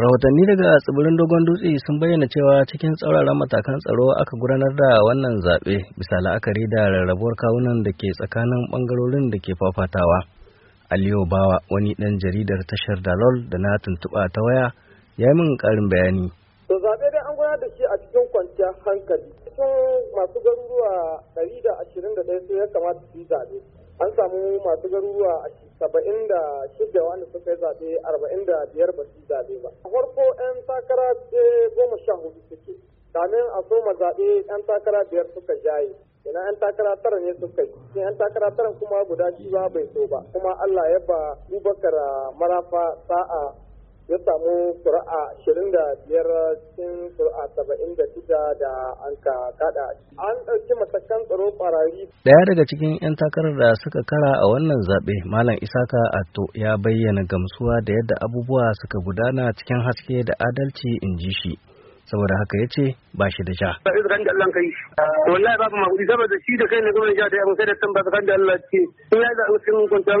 rahotanni daga tsibirin dogon dutse sun bayyana cewa cikin tsauraran matakan tsaro aka gudanar da wannan zaɓe bisa la'akari da rarrabuwar kawunan da ke tsakanin ɓangarorin da ke fafatawa aliyu bawa wani ɗan jaridar tashar dalol da na tuntuɓa ta waya ya yi min ƙarin bayani to zaɓe dai an gudanar da shi a cikin kwanciyar hankali cikin masu garuruwa ɗari da ashirin da ɗaya sai ya kamata su yi zaɓe an samu masu garuruwa a saba'in da shida wanda suka yi zaɓe arba'in da biyar ba su zaɓe ba. A farko 'yan takara goma sha hudu suke. Kamin a soma zaɓe 'yan takara biyar suka jaye. Ina 'yan takara tara ne suka yi. Sai 'yan takara tara kuma guda shi ba bai so ba. Kuma Allah ya ba Abubakar Marafa sa'a ya samu ƙura'a ashirin da biyar cikin ƙura'a saba'in da shida da an ka kada an ɗauki matakan tsaro ƙwararri. Ɗaya daga cikin 'yan takarar da suka kara a wannan zaɓe Malam Isaka ato ya bayyana gamsuwa da yadda abubuwa suka gudana cikin haske da adalci in ji shi. saboda haka ya ce ba shi da sha. Ba su kan da Allah kai. Wallahi babu maguɗi saboda shi da kai ne gwamnati ya da yamma sai da tamba su kan da Allah ce. in ya zaɓi sun kuntan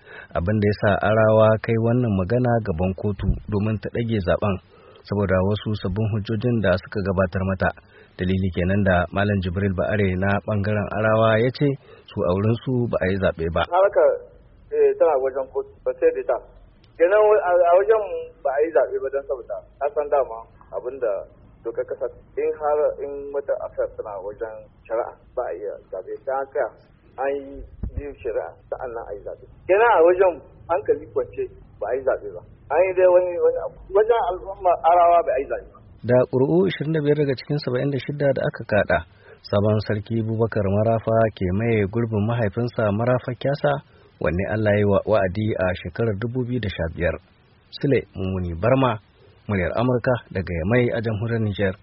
abin da ya sa arawa kai wannan magana gaban kotu domin ta ɗage zaben saboda wasu sabbin hujjojin da suka gabatar mata dalili kenan da malam jibril ba'are na bangaren arawa ya ce su a wurin su ba a yi zaɓe ba kenan a wajen ba a zaɓe ba don saboda san dama abin da dokar kasa in har in wata asar tana wajen shari'a ba a iya zaɓe ta haka an yi biyu shari'a sa'annan a yi zaɓe kina a wajen hankali kwance ba a yi zaɓe ba an yi dai wani wani abu wajen al'umma arawa ba a yi zaɓe da ƙuri'u 25 daga cikin 76 da aka kaɗa sabon sarki bubakar marafa ke maye gurbin mahaifinsa marafa kyasa wanne allah ya wa'adi a shekarar 2015 sule mummuni barma muryar amurka daga yamai a jamhuriyar niger